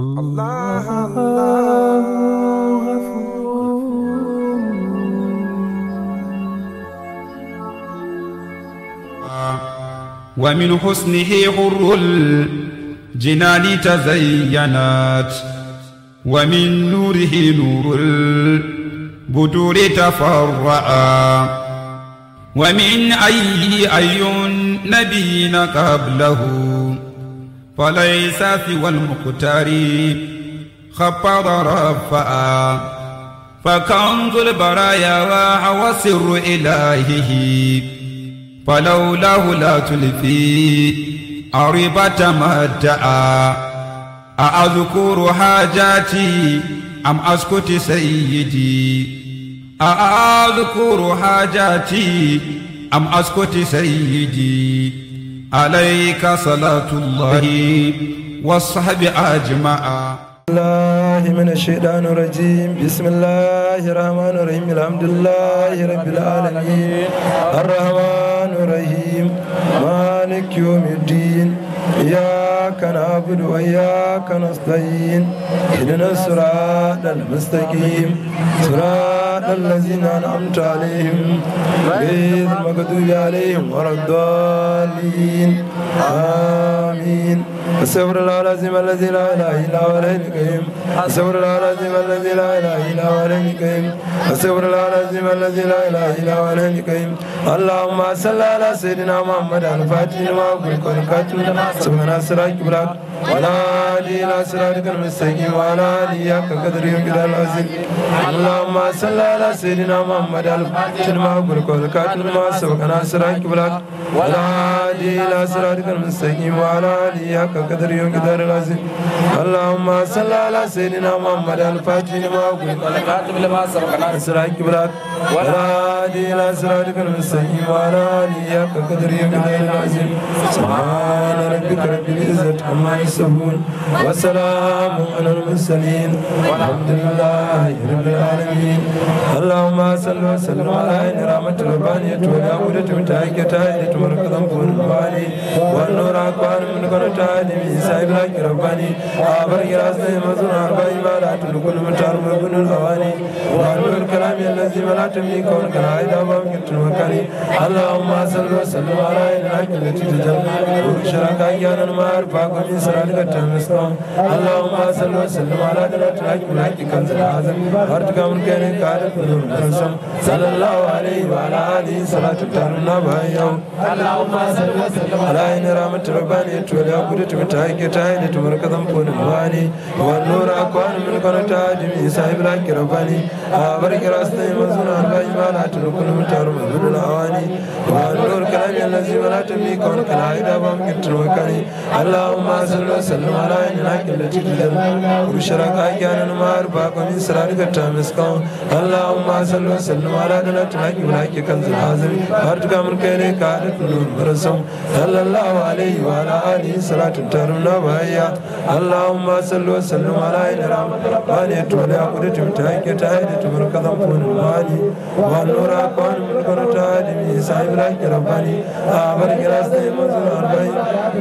الله الله ومن حسنه غر الجنان تزينت ومن نوره نور البدور تفرعا ومن أي أي نبينا قبله فليس سوى المختار خفض رفعا فكنز البرايا وسر إلهه فلولاه لا تلفي أربة ادعى أأذكر حاجاتي أم أسكت سيدي أأذكر حاجاتي أم أسكت سيدي عليك صلاة الله والصحب أجمع الله من الشيطان الرجيم بسم الله الرحمن الرحيم الحمد لله رب العالمين الرحمن الرحيم مالك يوم الدين إياك نعبد وإياك نستعين اهدنا الصراط المستقيم صراط الذين أنعمت عليهم غير المغضوب عليهم ولا الضالين آمين أستغفر الله العظيم الذي لا إله إلا هو الحي القيوم أستغفر الله العظيم الذي لا إله إلا هو الحي القيوم أستغفر الله العظيم الذي لا إله إلا هو الحي القيوم اللهم صل على سيدنا محمد الفاتح لما أغلق والخاتم لما ስመና ስራጭ ብላል ዋላ ሌላ ስራ ድቅን ምሰኝ ዋላ ልያ ከቅድር ግዳል አዚል አላማ ሰላላ ሴድና ማመዳል ችድማ ጉልኮል ካድማ ሰውቀና ስራጭ ብላል ዋላ ሌላ ስራ ድቅን ምሰኝ ዋላ ልያ ከቅድር ግዳል አላማ ሰላላ ሴድና ማመዳል ፋጭድማ ጉልኮል ካድማ ሰውቀና ስራጭ ብላል ዋላ ሌላ ስራ ድቅን ምሰኝ ዋላ ልያ ከቅድር ግዳል ስማ رب العزة عما يصفون وسلام على المرسلين والحمد لله رب العالمين اللهم صل وسلم على عين رحمة ربانية والعودة من تاكة تاهدة مركز أنفور المباني والنور أكوان من كون تاهدة من إسائب لك رباني آبر كراسة مزون أربعي بالات لكل متار مركن الأواني وأنور الكلام الذي ملا تملي كون كالعيدة ومكت المكاني اللهم صل وسلم على عين التي تجل وشرك أيانا المعارف فاقم إسرائيل التمسكم اللهم صل وسلم على دلت راك ملاك كنز العظم وارتك من كان كارف نور نسم صلى الله عليه وعلى آله صلاة تارنا بأيوم اللهم صل وسلم على إن رحمة رباني تولي أبودة متاكي تايني تمركزم فون مواني والنور أكوان من كون تاجم إسحاب لك رباني أبرك راسنا مزون أربعي مالا تنكون متار مزون الأواني والنور كلامي الذي ملا تمي كون كلاهي دابام كتنوكاني اللهم صل وسلم على عين الحق التي تجمع وبشرك أحيانا ما أرباك من سرارك التامسكون اللهم صل وسلم على دلة الحق والحق كنز الحازم وارتقى من كينك عارف نور برسم صلى الله عليه وعلى آله صلاة ترمنا وهي اللهم صل وسلم على عين رحمة ربانية والعقدة بتحق تهيدة من كذب فون المعاني والنور أقوان من كرة عالمي صاحب الحق رباني أعبر كراسة منزل أربعين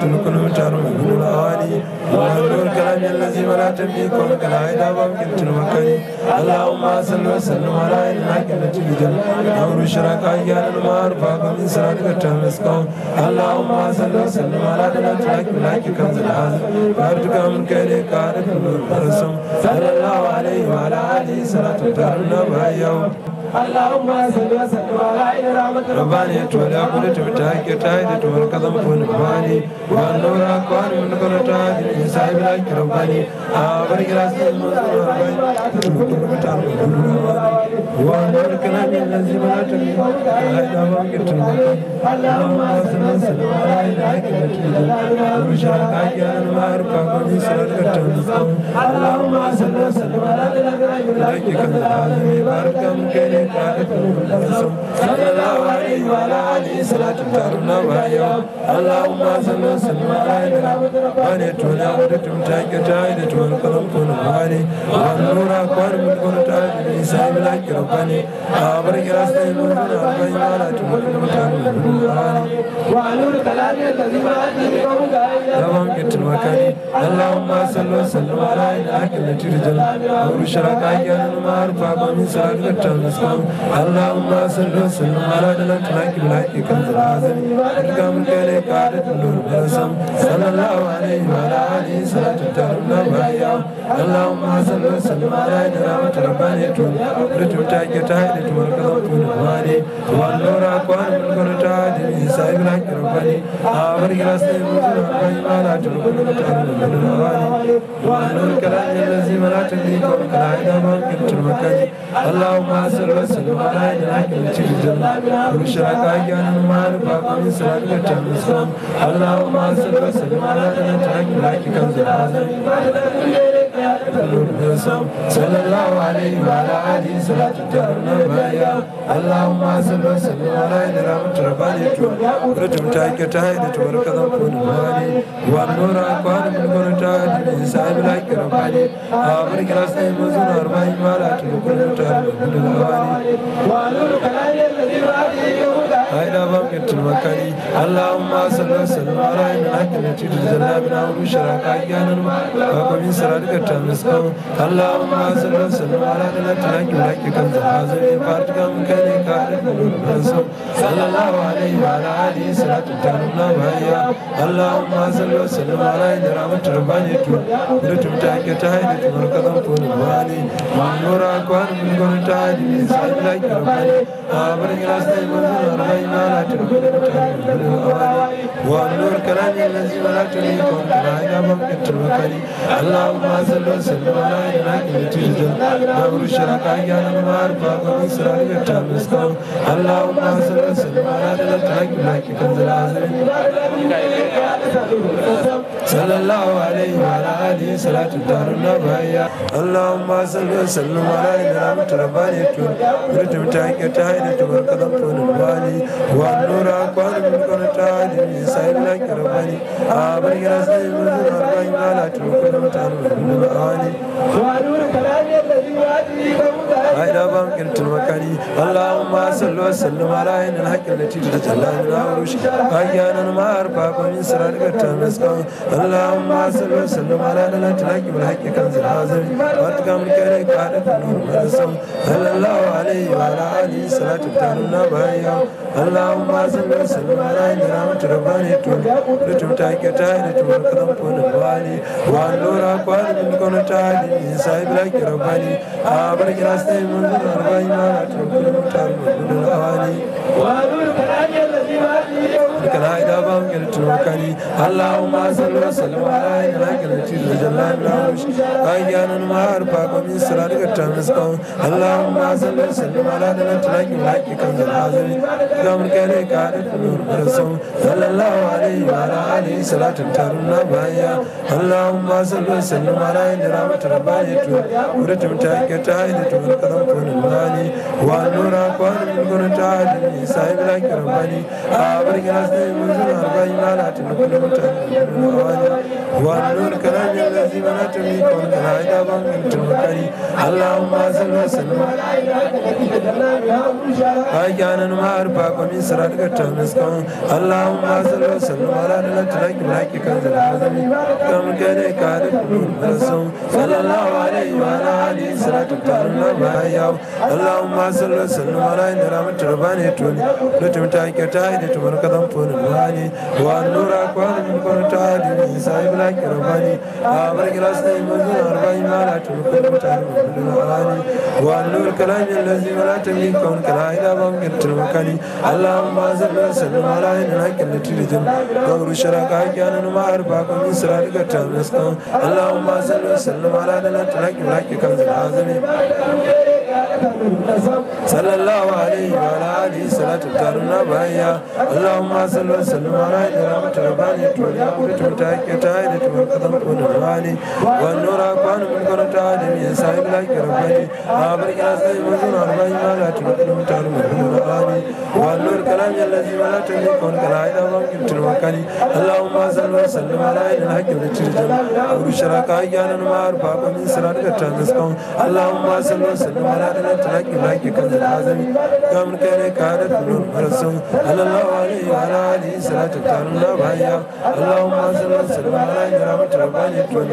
تلك وجعله من الهادي ونور الكلام الذي ولا تبيكم كالعيدا ومكنت المكاني اللهم صل وسلم على عينك التي بجل نور شركاء يا المعرفة من سرادك التمسكون اللهم صل وسلم على دلتك ملاك كنز العزم فارتك من كيد كارك النور برسم صلى الله عليه وعلى آله صلاة تعلم بها يوم اللهم صل وسلم على عين رحمة ربانية والعقلة بتاعك تايدة والقدم فون باني والنور أقوان من كل تايد الإنسان بلاك رباني أبرك راسي المنزل رباني ونور كلامي الذي آه، ما تبي أهلا واقف اللهم صل وسلم على عين رحمة وشارك أنوار فمن سرك اللهم صل وسلم على عين رحمة بارك مكاني عليك صلى الله عليه وعلى آله صلاة ترنا ويوم اللهم صل وسلم على من تولى ودتم تاك تايد تول قلم كن واني والنور أكبر من كن تاك الإنسان لا كرباني أمر كراس نور أربعين ولا تمر مكان وعنور كلام الذي ما أدري كم تمام كتر مكاني اللهم صل وسلم على إلهك التي رجل أورشراك أيها المعرفة من سرقة تنسخ اللهم صل وسلم على الأخلاق بالحق كنز العظم الكم كان قاعدة النور بلسم صلى الله عليه وعلى آله صلاة ترمنا وإياه اللهم صل وسلم على إدرامة ربانية رتم تاجة تاجة مركز كل مالي والنور أكوان من كل تاجة إنسان بالحق رباني آمر رسل مسلم رحمه لا تنقل متعلم من الأواني وأنور كلام الذي ملا تدريك وكلا عدم كنت المكاني اللهم صل والسماء العاقلة للجنة رشاك أجانا معرفة قوي سرقة تمسكم اللهم صل وسلم على نبيك العظيم صلى الله عليه وعلى آله صلاة الدارنا بيا اللهم صل وسلم على إمام رباني رجم تايك تايد تبارك الله كون مالي والنور أكوان من كون تايد الإنسان بلاك رباني أمرك راسي مزون أربعين مالا تلقون تايد من الأواني ونور كلاي الذي بعده هيدا بمكة المكاني اللهم صل وسلم على إنك التي تجلى من أول شرك أحيانا ومن سرارك تمسكم اللهم صل وسلم على إنك لك كم تحازم فارتك مكاني كارك نور صلى الله عليه وعلى آله صلاة تنمنا وهيا اللهم صل وسلم على إن رحمة رباني تول ورتم تاكي تهيدي تمركضم فول واني مامورا كوان من قول تهيدي من سعيد لك رباني آبرك راستي منزل رباني imala tu وانور كلامي الذي بلغت اليكم بلاغ وقت الوكري اللهم صل وسلم على عينك لتجد نور شركاء يا نمار باغ اسرائيل تامستم اللهم صل وسلم على ذلك لك لك كنز العزم sallallahu alaihi wa alihi salatu daru na bayya allahumma wa sallim ala ila mutara bani tu kuritu ta yake ta haida ta barka da tonin bani wa nura kwanu min kwanu ta haida min kira bani a bari gina sai mun zuwa bani ba na tuwa kwanu mutane da kuma ba wani wa nura kalamiyar da yi wa ji ga mutane a ina ban kirtin makari wa sallim ala ila hakkin da titi da tallan na wuri shi a gyanan ma harfa kwanin sirar gata na tsawon اللهم صل وسلم على نبينا الحق بالحق كنز العظيم واتقى من كريك بعد النور من السم صلى الله عليه وعلى اله صلاة تعلمنا بها اللهم صل وسلم على نعمة رباني تول رتم تاكي تاين تمر قدم كون الوالي وان لورا قوان من كون تاين صاحب لك رباني آبرك راستي من رباني ما تنقل مطار من الوالي وان لورا قوان الذي kalaida bangil tokari allahumma salli wa sallim ala nabiyyina muhammadin wa ala alihi wa sahbihi ayyanan mar pa ko min sira daga tamisko allahumma salli wa sallim ala nabiyyina muhammadin wa ala alihi wa sahbihi kare ka da nur barso sallallahu alaihi wa ala alihi salatu tarna baya allahumma salli wa ala nabiyyina muhammadin wa ala alihi wa sahbihi kare ka ala alihi salatu tarna baya allahumma salli wa sallim ala nabiyyina muhammadin wa ala alihi da nur barso sallallahu wa ala alihi salatu tarna Allahumma salli wa sallim ala ayyuhal-mu'minin wa kun rani wan nura kwan min kun tadi sai bla kirmani abar kilas tay mun nur bay mala tu kun tadi kun rani wan nur kalam min lazi mala tu min kun kalai da bam kin tu kali allahumma zalla sallu ala ina kin tu din gaur sharaka kyan nu mar ba kun sirar ga tan allahumma zalla sallu ala ina tu kin la kin kan zalani صلى الله عليه وعلى آله صلاة تارنا بهيا اللهم صل وسلم على إكرامة ربانية والياقوت متاكة تايدة والقدمة والنوالي والنور أكوان من كرة عالم يا سائل لك رباني أبرك ناسي مزون أربعين مالا تبقل متعلم من الآلي والنور كلام الذي ولا تملكون كالعيد ومكب تنوكلي اللهم صل وسلم على إن الحكم لترجم أبو شراكا أيانا ما أربابا من سرادك تنسكم اللهم صل وسلم على ولا تلت حكي ماكي كنز العزمي قام كان كانت نور مرسوم على الله عليه وعلى عليه صلاة تعالى بهيا اللهم صل وسلم على جرامة رباني كن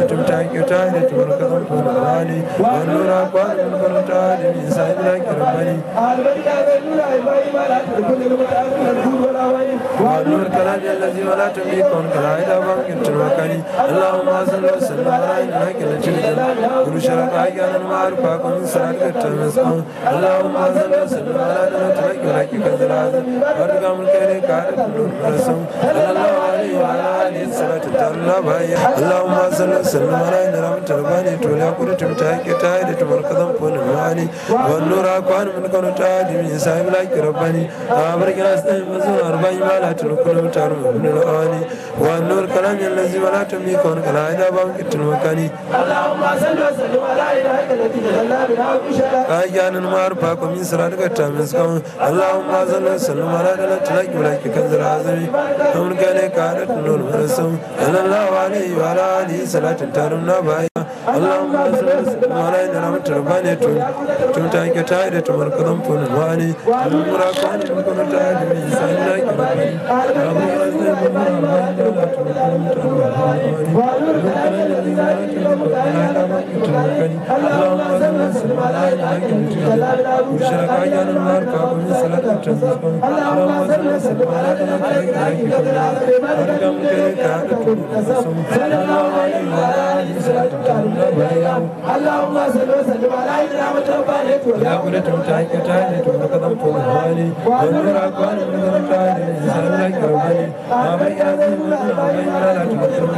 لتم تاكي تاهي تمر كذب كن الغالي والنور أقوال من كن تاهي من سعيد لك رباني البريد هذا النور إبراهيم على كل المتعلق الكون ولا وين والنور كلام الذي ولا تملي كن كلايدا بامكن تروكني اللهم صل وسلم على جرامة رباني كن لتم تاكي تاهي تمر كذب كن الغالي والنور أقوال من كن تاهي من سعيد لك رباني كتر رزقهم اللهم صل وسلم على نبيك ولك كثر عزم وارجع من كان كارب نور رسم صلى الله عليه وعلى اله صلاة الله بيا اللهم صل وسلم على نبيك ترباني تولا كل تمتاك تايد تمركزم فون مالي والنور اكوان من كون تايد من سايب لك رباني امرك ناس نايم مزور اربعين مالا تلقون متار من الاني والنور كلام الذي ولا تملك كون كلا اذا بام كتن مكاني اللهم صل وسلم على نبيك الذي تجلى بالحق أيان نمار باكم من سراد كتام نسكم اللهم صل وسلم على دلتلك بلاك كنزر عزمي هم كان كارت نور مرسم أن الله عليه وعلى عليه صلاة تارم نباي اللهم علينا رحمة ربانية تمتعين كتائر تمركضن فنواني المراقان تكون تائر من إنسان لا يكرمني اللهم أزل بمرا الله لا تمركضن تمركضن اللهم أزل السلام علينا وشرك عيان النار كابو من صلاة تنزقن اللهم أزل السلام علينا وشرك عيان النار كابو من صلاة تنزقن اللهم أزل السلام علينا وشرك عيان النار كابو من صلاة تنزقن اللهم صل وسلم على عيدنا متوفانك ولا قد تمتعك تعالت ولقد امتم الوالي ونور اقوال من ذنب تعالي انسان لك رواني امر يا ذي الملك وامنا لا تمتم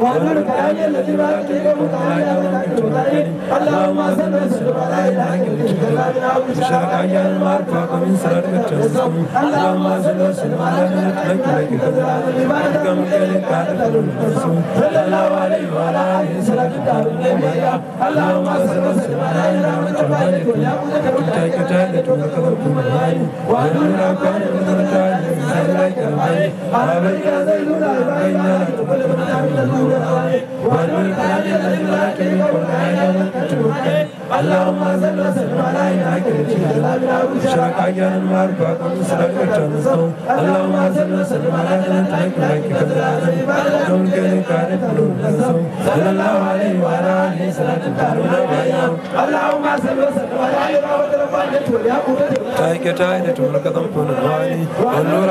ونور كلامي الذي ما يطيق متعالي اللهم صل وسلم على عيدنا شرق عيان المعرفة من سرد التنسم اللهم صل وسلم على عيدنا لك لك كذلك كم كلك عدد الرسول صلى الله عليه وعلى آله سلام دارون النبي اللهم صل وسلم على إمام الفاتح ولا مدرك ولا كتاب ولا كتاب ولا كتاب ولا كتاب ولا كتاب اللهم صل وسلم على عينك شركاء انوار باكم سرك جنسو اللهم صل وسلم على جنتك لك كذلك بالهم كان كارفون نسو صلى الله عليه وعلى اله صلاه كارون بيام اللهم صل وسلم على عينك وترفع لك ويا قوتك تايك تايك تملك ذنبنا الوالي والنور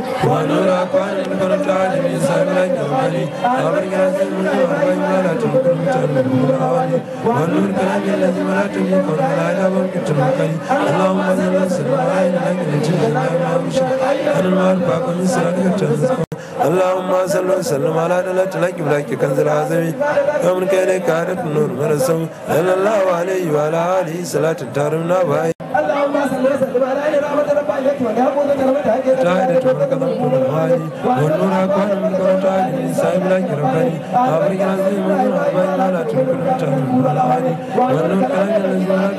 ونور أكوان من العالمين سامر الجمالي أمر كاسل من الأربعين ولا تنقل من الأولي ونور كلام الذي ولا تنقل ولا يدعو كتنقل اللهم صل وسلم على نبينا جلنا وامشي أنا المعرفة كن سرنا كتنقل اللهم صل وسلم على دلت لك بلاك كنز العظيم ومن كان كارك نور مرسم أن الله عليه وعلى آله صلاة تارمنا باي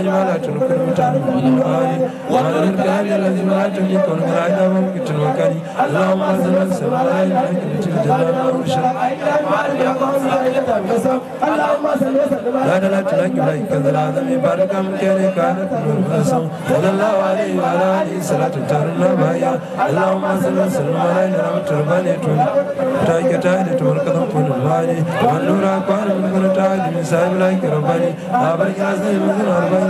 الأزواج ما لا تنكر وتعلم والأموال وعلى الكلام الذي ما تملك والمراعي ممكن وكلي اللهم عز وجل سبحانه لك الجلال والشرف لا لا لا تلاك بلاك كذا العظم بارك من كان كانت نور صلى الله عليه وعلى آله صلاة تارنا بايا اللهم عز وجل سلم علينا رحمة ربنا تولي تاك تاك تمرك ذنب المالي والنور أقوال من كل تاك من سايب لك ربنا أبارك عز وجل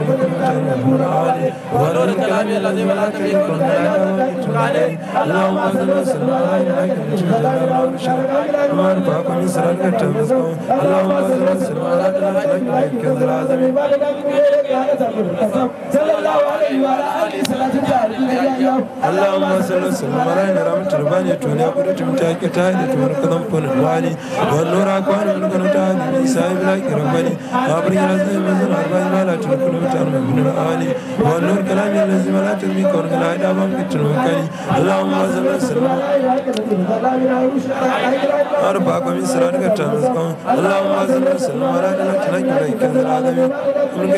Allah Allah اللهم صل وسلم على رحمة رباني توني أبدا تمتا كتا تمر قدم فن الوالي والنور أكوان من كنت من سايب لك رباني أبري لازم مزن أربعين مالا تنكون متان من الآلي والنور كلام لازم لا تلمي كون كلا دابم كتن وكاني اللهم صل وسلم أربعة من سرانك تامسكم اللهم صل وسلم على رحمة رباني كذا العالمين من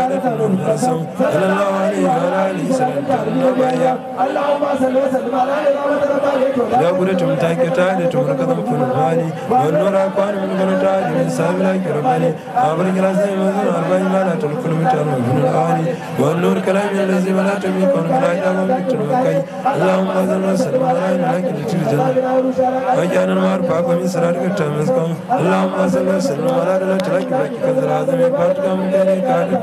شهادة القسم صلى الله عليه وعلى آله وسلم اللهم صل وسلم على نعمة ربك يا بني تمتاك تاني تمرك ذنب المالي والنور أقوان من قرن تاني من سابل أكرماني أبرك لازم وزن أربعين ما لا تلك المتان وابن الآلي والنور كلام الذي ولا تملك الملائكة وملك المكي اللهم صل وسلم على نعمة ربك وجعلنا المعرفة من سرارك التامسكم اللهم صل وسلم على نعمة ربك كذل عظم فاتكم كذل كارك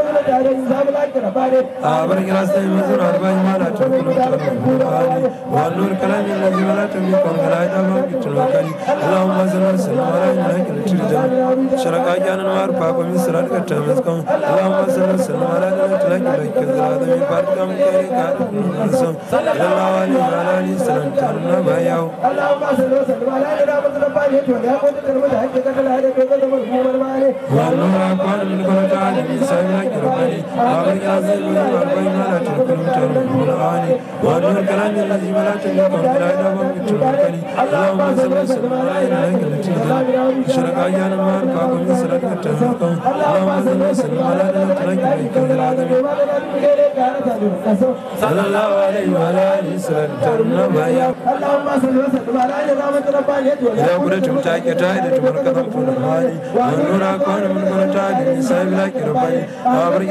አብረኝ ራስታይ መዝር አርባኝ ማላቸው ብሎቻለ ዋሉን ከላይ እነዚህ በላቸው የሚቆም ከላይ ጣባም ይችላል ማዘመር ስንማላይ ናይን ችልጃ ሸረቃጃንን ማር ፓቆሚ ስራድቀቻ መስቀም አላሁም ማዘመር ስንማላይ ናይን ላይ ላይ ከዘራተሚ ፓርካም ከሪ ጋር ሰም ለላዋሊ ማላሊ ስለምታልና ባያው ዋሉ አኳን ምንቆረጫ ሚሳይ ላይ ረባ القرآن وابن كاسر والبين ولا تنكرم تنكر القرآن وانور كلام الذي ولا تنكر لا إله من تنكر اللهم صل وسلم على إلهك التي لا شرك أيان ما أركاك من سرك تنكر اللهم صل وسلم على إلهك التي لا صلى الله عليه وعلى آله وسلم ترنم يا اللهم صل وسلم على إلهك التي لا إذا كنت تمتاك تائدة مركضا فنهاري وانورا كون من كنت تائدة نسائب لك ربي وابرك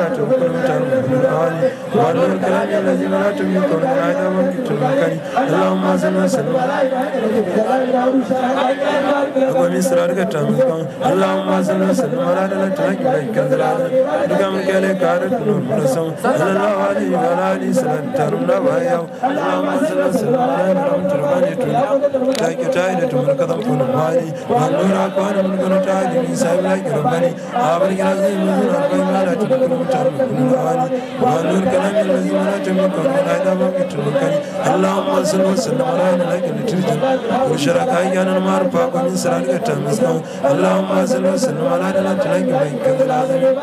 ናቸው ሁሉም ቻሉ ብለዋል ባዶ ክላኝ ለዚህ በላቸው የሚቆሉ አይታወቅ ችሉካኝ اللهم صل وسلم ومن سرار كتامكم اللهم صل وسلم على نبيك بكذلال دكم كله كارت نور نسم صلى الله عليه وعلى اله سلام ترم نبايا اللهم صل وسلم على رحمة رباني تولى تاك تاي لتمر كذا كون بالي والنور أكون من كون تاي من سايب لك رباني أبرك رزق من ربنا لا تكون المجرد من الغالي وأنور كلام الذي منعت منك من عذاب كتركني اللهم صل وسلم على لك لترجم وشرك أيانا ما رفاق من سرانك تمسنا اللهم صل وسلم على لك من كذا العظيم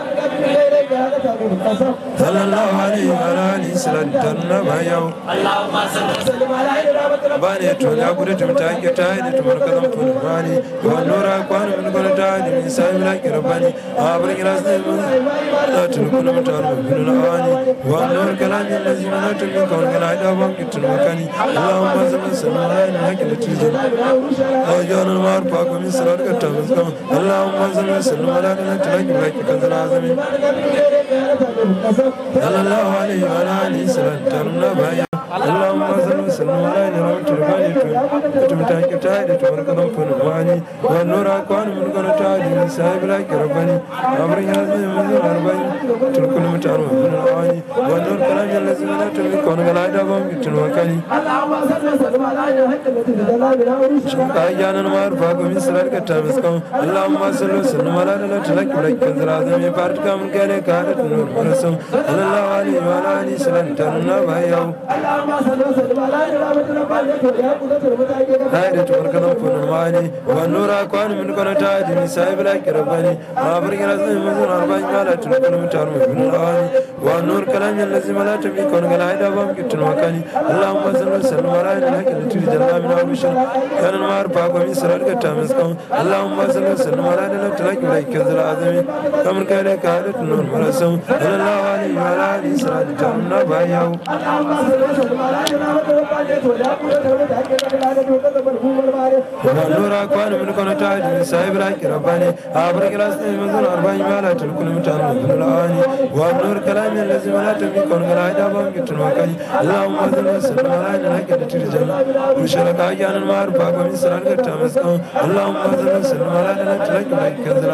صلى الله عليه وعلى آله وسلم تنبه يوم اللهم صل وسلم على bani to ya gudu tum ta ke ta ni tum ka dam tu bani wa nura kwan min ko ta ni min sai la ke rabani a bar ki ras ne da tu تركنا وتعالى وابننا عاني وأمنور كلامي الذي منعت من كونك العدا وانكت المكاني اللهم صل وسلم على نبيك التي جل أجر المعرفة ومن سرارك التمزق اللهم صل وسلم على نبيك لك كنز العظيم صلى الله عليه وعلى آله وسلم ترمنا بايا اللهم أعزنا السلام رحمة الوالد وتمتعك تعالى تبارك الله في الوالد والنور أكوان من كل تعالى من سائب لك رباني أمري هذا من الأربعين تلكل متعلم من الأواني والنور كلام الذي لا تملك كون ولا يدعون بتن وكاني شكرا أيانا ما أرفعك من سلالك تامسكم اللهم صل وسلم على لا تلك بلك كنزر عظم يبارك من كان كارت نور مرسم الله عليه وعلى آله سلام تنور ما يوم خير تبركنا فن المعاني والنور أكوان من كنتا دين سايب لك رباني ما برك رزق من أربعين على تلك المتار من الأواني والنور كلام الذي لا تبي كون قال هيدا بام كت المكاني اللهم صل وسلم على إلهك التي جل من أمشان كان المار باق من سرر كتامس كم اللهم صل وسلم على إلهك تلك ملك كذل آدمي كم كان كارت نور مرسم الله عليه وعلى آله صلاة جمنا بايعو اللهم صل وسلم ራኳን ምንኮነታ ሳይ ብላቂ ረባኔ አብረቂላስ መዘን አርባኝ ባላት ዋኖር ከላሚ ለዚህ መላት የሚኮን ገላዳ ባንግትን ዋቃኝ እዛም ማዘን ማር ባቆሚ ስራን ገድ ተመስቀው እላም ማዘን ስለ መላኝ ናት ለቅ ላይ ከዝራ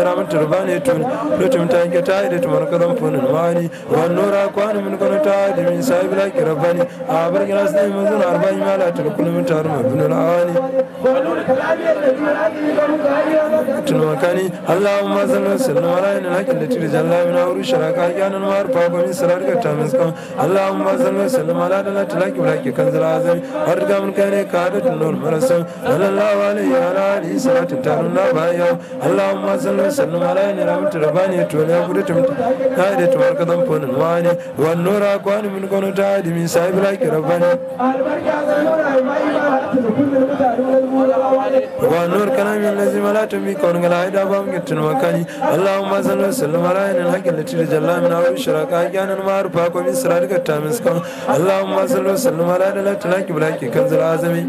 ra ban tur ban tun lo tum ta ke ta de tum ko dam pun mani wan nur akwan min ko ta de min sai bla ki rabani a bar gi ras ne mun zun ar ban mala tur kun min tar ma bin la ani tun wa kani allahumma salli sallam ala ina lakin da tir jalla min auru sharaka yanan mar fa ko min sarar ka ta min ska allahumma salli sallam ala da la tilaki bla ki kan zira azami arga mun kare ka da tun nur marasa sallallahu alaihi wa alihi salatu ta nun na ba yo allahumma salli sannu malai ne ramta rabani to ne kudu ta na da tumar kadan fonin wani wan nura kwani mun kono ta di min sai bila ki rabani wan nur kana min lazi malatu mi kono gala ida bam gitin makani allahumma sallu sallu malai ne hakil lati jalla min awu shiraka kyanan marufa ko min sirarika ta min skon allahumma sallu sallu malai ne lati laki bila ki kanzul azami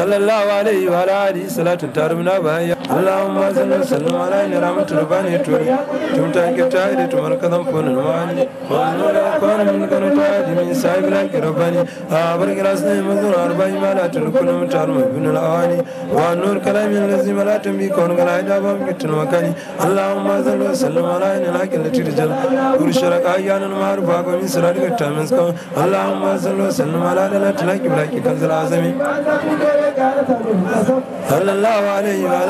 sallallahu alaihi wa alihi salatu tarumna bayan ya Allahun mazana sallu ala yi nira mutu da bani turi tun ta ke ta yi da tumar ka zan funin wani wani da kwanu mun gano ta da min yi a bar gira su yi mala tun kuna mutane mai bin lawani wani nuna kala min lazi mala tun yi daban ki tun maka ne Allahun mazana sallu ala yi nira ki da jala yi yanar ma harfa ko yi nira ki da jala yi yanar ma harfa ko yi nira ki da jala yi yanar ma harfa ko yi nira ki da jala yi yanar ma harfa ko yi nira ki da jala yi yanar ma harfa ko yi nira ki da jala yi yanar ma harfa ko yi nira ki da jala yi yanar ma harfa ko yi nira ki da jala yi yanar ma harfa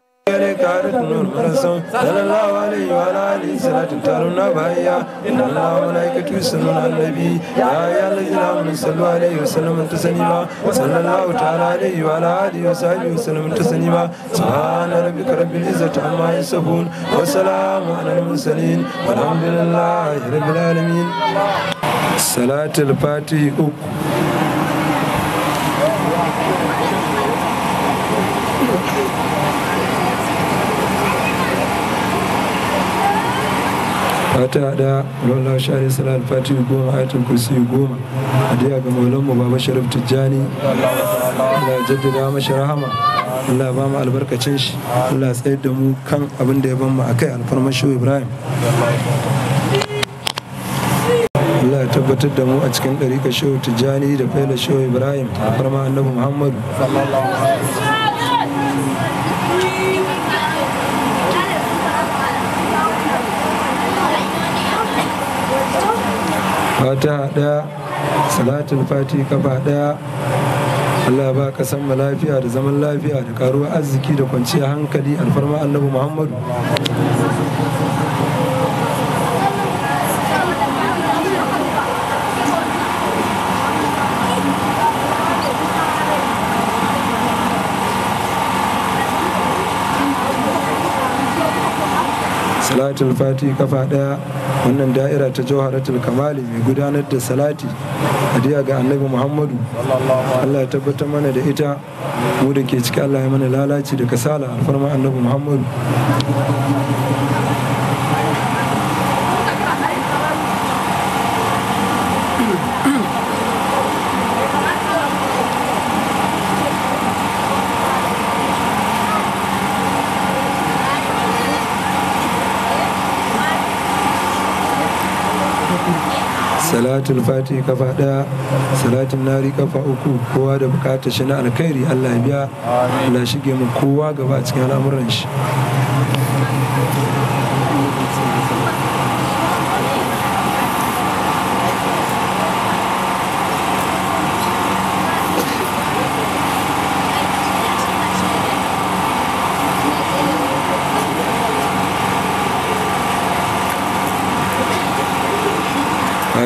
gare karin nur marasan sallallahu baya inna allaha wa malaikatu yusalluna ala ya ayyuha allazina amanu sallu alaihi salatul fatih uku wata da wallah shari salal fati goma ayatul kursi goma a daya ga maulan mu baba sharif tijjani Allah jaddada mashi rahama Allah ba mu albarkacin shi Allah ya tsayar da mu kan abin da ya ban mu akai alfarmar shi Ibrahim Allah ya tabbatar da mu a cikin ka shehu tijjani da Fela shehu Ibrahim a farma annabi Muhammadu fata daya salatin fati kafa daya Allah ba ka san lafiya da zaman lafiya da karuwa arziki da kwanciyar hankali alfarma annabi Muhammadu Salatin fati kafa ɗaya. wannan da'ira ta jawharatul kamali mai gudanar da salati hadiya ga annabi muhammadu allah ya tabbatar mana da ita mu da ke ciki allah ya mana lalaci da kasala alfarma annabi muhammadu salatul fati kafa daya salatin nari kafa uku kowa da bukatar shi na alkhairi Allah ya biya Allah shige mu kowa gaba cikin al'amuran shi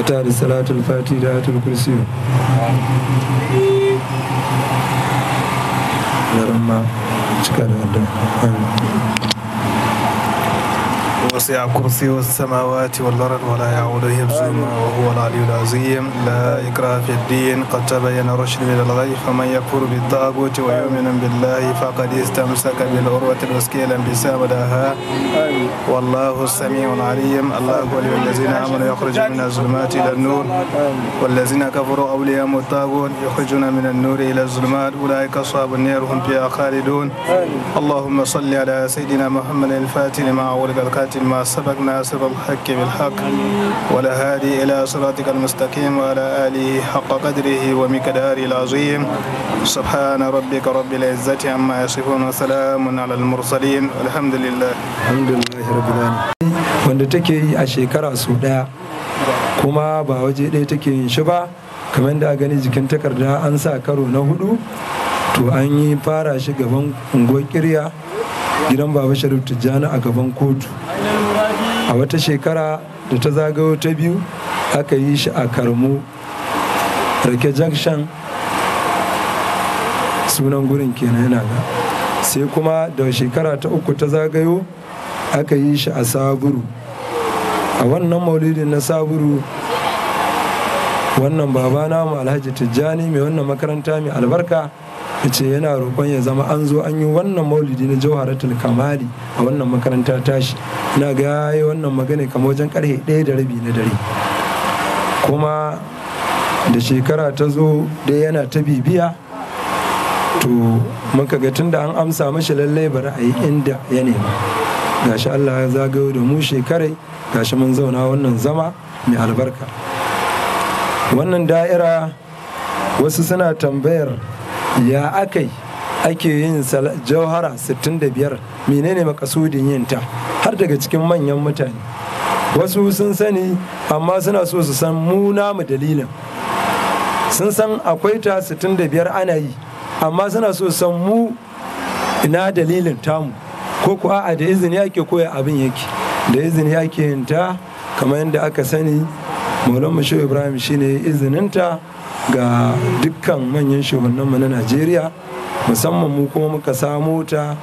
ta da salatul fati da atul kursiyu cika da وسع كرسي السماوات والأرض ولا يعوده حفظهما وهو العلي العظيم لا إكراه في الدين قد تبين الرشد من الغي فمن يكفر بالطاغوت ويؤمن بالله فقد استمسك بالعروة الوثقى لا لها والله السميع العليم الله ولي الذين آمنوا يخرج من الظلمات إلى النور والذين كفروا اولياء الطاغوت يخرجون من النور إلى الظلمات أولئك أصحاب النار هم فيها خالدون اللهم صل على سيدنا محمد الفاتح لما أولك الكاتب ما سبقنا سبب الحق بالحق ولا هادي إلى صراطك المستقيم وعلى آله حق قدره ومقداره العظيم سبحان ربك رب العزة عما يصفون وسلام على المرسلين الحمد لله الحمد لله رب العالمين wanda تكي أشيكرا سوداء كما su daya تكي شبا waje ɗaya take yin shi أنسا kamar نهدو gani jikin takarda an to an yi fara shi gaban unguwar kirya gidan baba sharif tijjani a gaban kotu a wata shekara da ta zagayo ta biyu aka yi shi a karmu rake junction sunan gurin kenan yana ga sai kuma da shekara ta uku ta zagayo aka yi shi a saburu a wannan maulidin na saburu wannan babana mu alhaji tijjani mai wannan makaranta mai albarka ya ce yana roƙon ya zama an zo an yi wannan maulidi na jawharatul kamali a wannan makaranta tashi na ga yi wannan magana kamar wajen karhe ɗaya da rabi na dare kuma da shekara ta zo dai yana ta bibiya to muka ga tunda an amsa mashi lallai bari a yi inda ya nema gashi Allah ya zagayo da mu shekarai gashi mun zauna wannan zama mai albarka wannan da'ira wasu suna tambayar ya aka yi ake yin jauhara 65 menene makasudin yin ta har daga cikin manyan mutane wasu sun sani amma suna so su san mu namu dalilin sun san akwai ta 65 ana yi amma suna so su san mu ina dalilin tamu ko kuwa a da izini ake koya abin yake da izini ake yin ta kamar yadda aka sani maulon Ibrahim shine izininta ga dukkan manyan shugabanninmu na najeriya musamman mu kuma muka samo ta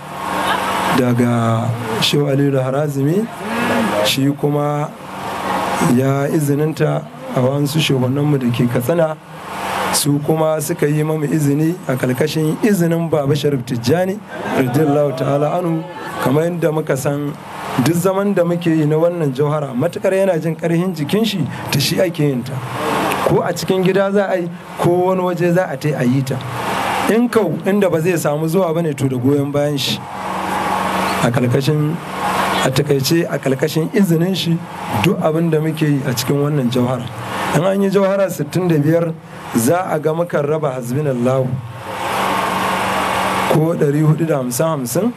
daga shehu aliyu harazimi shi kuma ya izininta a wasu shugabanninmu da ke katsina su kuma suka yi mamu izini a kalkashin izinin baba sharif tijjani radiyallahu ta'ala anu kamar yadda muka san duk zaman da muke yi na wannan jauhara matukar yana jin karhin jikin shi ta shi ake yin ta ko a cikin gida za a yi ko wani waje za a tai a yi ta in kau inda ba zai samu zuwa ba ne to da goyon bayan shi a kalkashin a takaice a kalkashin izinin shi duk abin da muke yi a cikin wannan jauhara in an yi jauhara 65 za a ga mukan raba hasbin allahu ko 450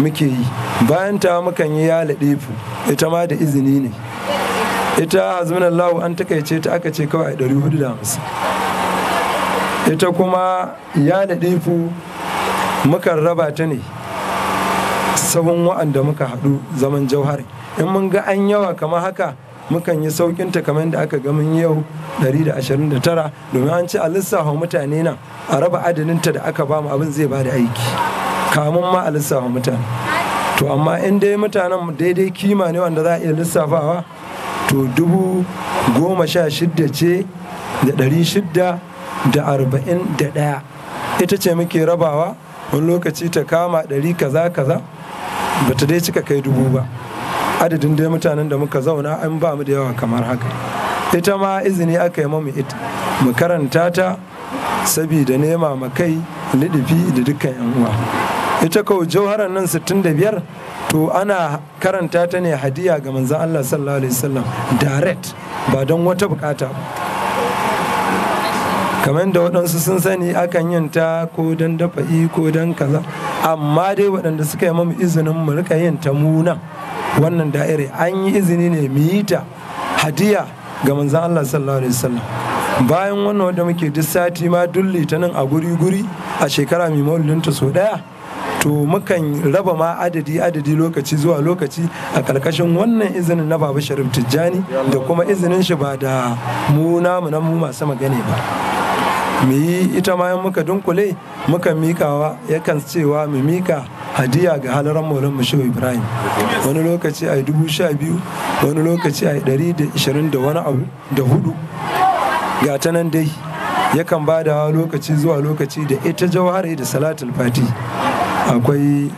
muke yi bayan ta mukan yi ya ladefu, ita ma da izini ne ita hazmin lawo an takaice ta aka ce kawai a 450 ita kuma ya naɗifu muka raba ta ne sabon wa'anda muka haɗu zaman jauhari in mun ga an yawa kamar haka mukan yi saukin ta kamar da aka ga mun yau 129 domin an ci a lissafa mutane nan a raba adadin ta da aka ba mu abin zai ba da aiki kamun ma a lissafa mutane to amma in dai mutanen daidai kima ne wanda za a iya lissafawa to dubu goma sha shidda ce da ɗari shidda da arba'in da ɗaya ita ce muke rabawa wani lokaci ta kama ɗari kaza kaza ba ta dai cika kai dubu ba adadin dai mutanen da muka zauna an ba mu da yawa kamar haka ita ma izini aka yi mamu ita mu karanta ta sabida nema makai liɗifi da dukkan yan uwa ita kawo jauharar nan 65 to ana karanta ta ne hadiya ga manzan Allah sallallahu alaihi wasallam direct ba don wata bukata kamar da waɗansu sun sani akan yin ta ko don dafa ko don kaza amma dai waɗanda suka yi mamu izinin mu rika yin ta muna wannan da'ire an yi izini ne mu yi ta hadiya ga manzan Allah sallallahu alaihi wasallam bayan wannan wanda muke duk sati ma dulli ta nan a guri guri a shekara mai maulidin ta so daya to mukan raba ma adadi adadi lokaci zuwa lokaci a karkashin wannan izinin na baba sharif tijjani da kuma izinin shi ba da mu namu na mu masu magane ba mu yi ita ma yan muka dunkule muka mikawa yakan cewa mu mika hadiya ga halaran maulan shehu ibrahim wani lokaci a dubu sha biyu wani lokaci a ɗari da ishirin da wani abu da hudu ga ta nan dai yakan ba da lokaci zuwa lokaci da ita jawahari da salatul fati akwai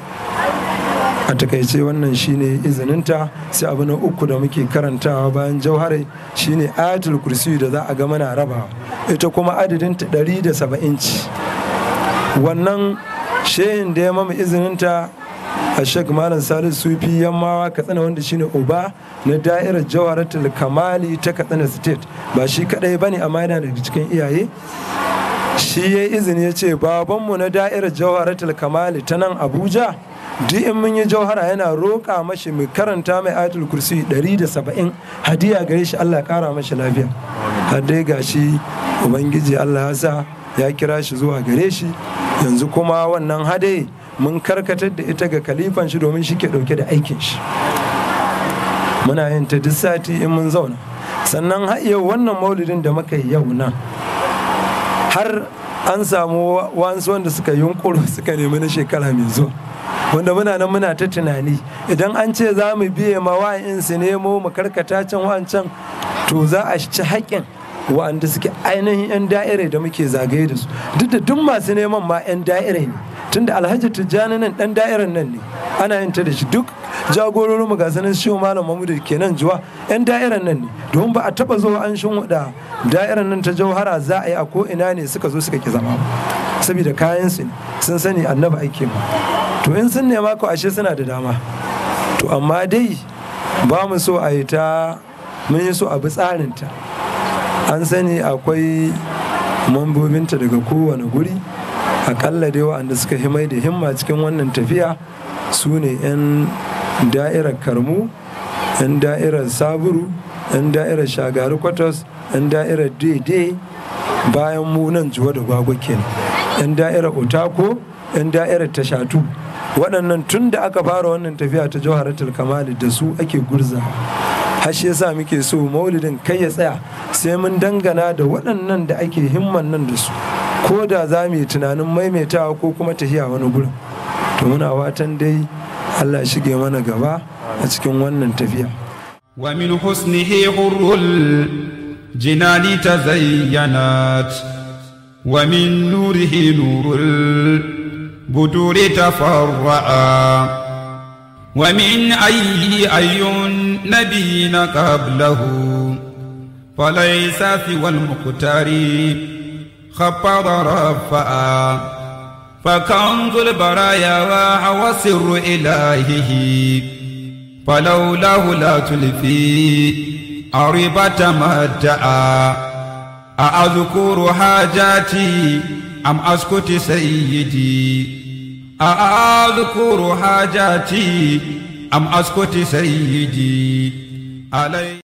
a takaice wannan shine izininta sai abu na uku da muke karantawa bayan jauhare shine ayatul kursi da za a ga mana raba ita kuma adadin ta 170 ci wannan shehin da ya mama izininta a shek malam salisu sufi yammawa katsina wanda shine uba na da'irar jawaratul kamali ta katsina state ba shi kadai bane amma yana daga cikin iyaye shi ya izini ya ce babanmu na da'irar jawharatul kamali ta nan abuja duk in mun yi jauhara yana roƙa mashi mai karanta mai ayatul kursi 170 hadiya gare shi Allah kara mashi lafiya har dai gashi ubangiji Allah ya sa ya kira shi zuwa gare shi yanzu kuma wannan hadai mun karkatar da ita ga kalifan shi domin shi ke ɗauke da aikin shi muna yin ta duk sati in mun zauna sannan har wannan maulidin da muka yi yau nan har an samu wasu wanda suka yunkuru suka nemi na shekara mai zuwa wanda muna nan muna ta tunani idan an ce za mu biye ma wa'in su nemo mu karkata can wancan to za a ci haƙƙin wa'anda suke ainihin 'yan da'irai da muke zagaye da su duk da duk masu neman ma 'yan da'ire ne tunda alhaji tijjani nan dan da'irin nan ne ana yin ta da shi duk jagororin mu gasanin shi malam mamudu kenan juwa yan da'irar nan ne domin ba a taba zuwa an shin wada da'irar nan ta jauhara za a yi a ko'ina ne suka zo suka ki zama saboda kayan su sun sani annaba ake mu to in sun nema ko ashe suna da dama to amma dai ba mu so a yi ta mun yi so a bi tsarin ta, an sani akwai mambobinta daga kowane guri akalla dai wa'anda suka himai da himma cikin wannan tafiya su ne 'yan da'irar karmu 'yan da'irar saburu 'yan da'irar shagari kwatas 'yan da'irar daidai bayan mu nan juwa da gwagwa kenan 'yan da'irar otako 'yan da'irar tashatu waɗannan tun da aka fara wannan tafiya ta jawharatul kamali da su ake gurza har shi yasa muke so maulidin kai ya tsaya sai mun dangana da waɗannan da ake himman nan da su ko da za mu yi tunanin maimaitawa ko kuma tahiya wani gurin to muna watan dai Allah shige mana gaba a cikin wannan tafiya wa min husnihi hurrul jinani tazayyanat wa min nurihi nurul buduri tafarra'a ومن أي أي نبي قبله فليس سوى المختار خفض رفعا فكنز البرايا وسر إلهه فلولاه لا تلفي أربة مدعا أأذكر حاجاتي أم أسكت سيدي أأذكر حاجاتي أم أسكت سيدي علي